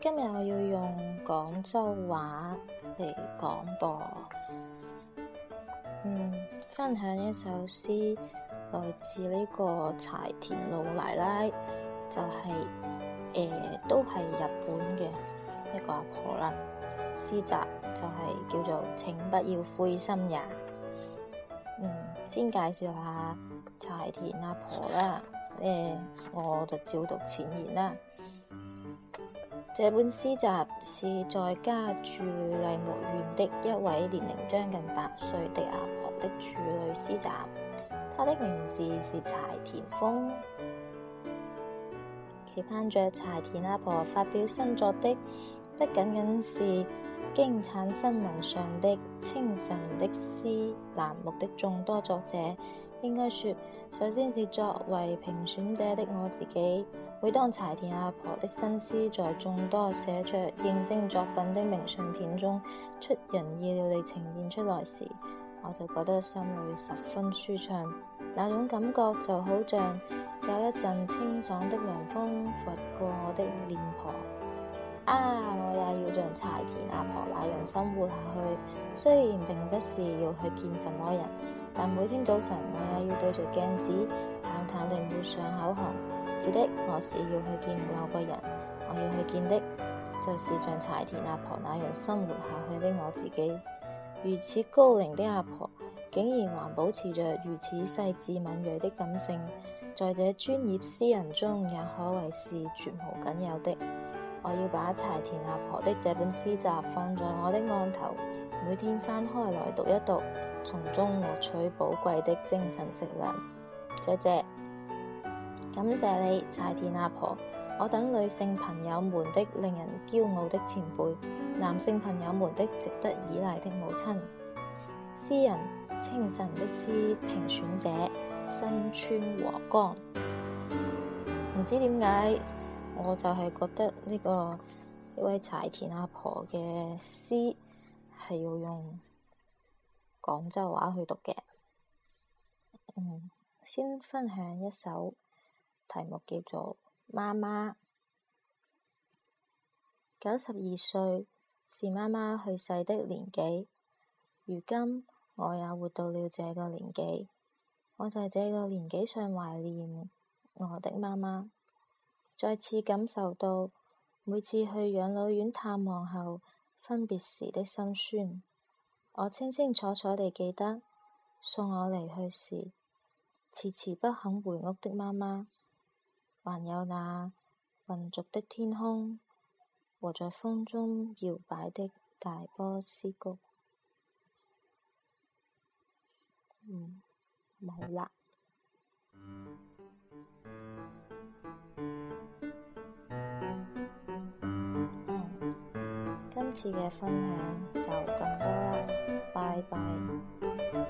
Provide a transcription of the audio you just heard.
今日我要用廣州話嚟廣播，嗯，分享一首詩，來自呢個柴田老奶奶，就係、是、誒、呃、都係日本嘅。一個阿婆啦，詩集就係叫做《請不要灰心呀》。嗯，先介紹下柴田阿婆啦。誒、欸，我就照讀前言啦。這本詩集是在家住麗木園的一位年齡將近八歲的阿婆，婆的處女詩集。她的名字是柴田豐。期盼着柴田阿婆發表新作的。不僅僅是《經產新聞》上的清晨的詩欄目的眾多作者，應該說，首先是作為評選者的我自己。每當柴田阿婆的新詩在眾多寫着應徵作品的明信片中出人意料地呈現出來時，我就覺得心裏十分舒暢。那種感覺就好像有一陣清爽的涼風拂過我的臉龐。啊！像柴田阿婆那樣生活下去，雖然並不是要去見什麼人，但每天早晨我也要對着鏡子，淡淡地抹上口紅。是的，我是要去見某個人，我要去見的，就是像柴田阿婆那樣生活下去的我自己。如此高齡的阿婆，竟然還保持着如此細緻敏銳的感性，在這專業詩人中，也可謂是絕無僅有的。我要把柴田阿婆的這本詩集放在我的案頭，每天翻開來讀一讀，從中獲取寶貴的精神食糧。謝謝，感謝你，柴田阿婆，我等女性朋友們的令人驕傲的前輩，男性朋友們的值得依賴的母親，詩人、清晨的詩評選者新川和光，唔知點解。我就係覺得呢、呢個呢位柴田阿婆嘅詩係要用廣州話去讀嘅。嗯，先分享一首題目叫做《媽媽》。九十二歲是媽媽去世的年紀，如今我也活到了這個年紀，我在這個年紀上懷念我的媽媽。再次感受到每次去養老院探望後分別時的心酸，我清清楚楚地記得送我離去時遲遲不肯回屋的媽媽，還有那渾濁的天空和在風中搖擺的大波斯菊。嗯，冇今次嘅分享就咁多啦，拜拜。嗯，拜拜。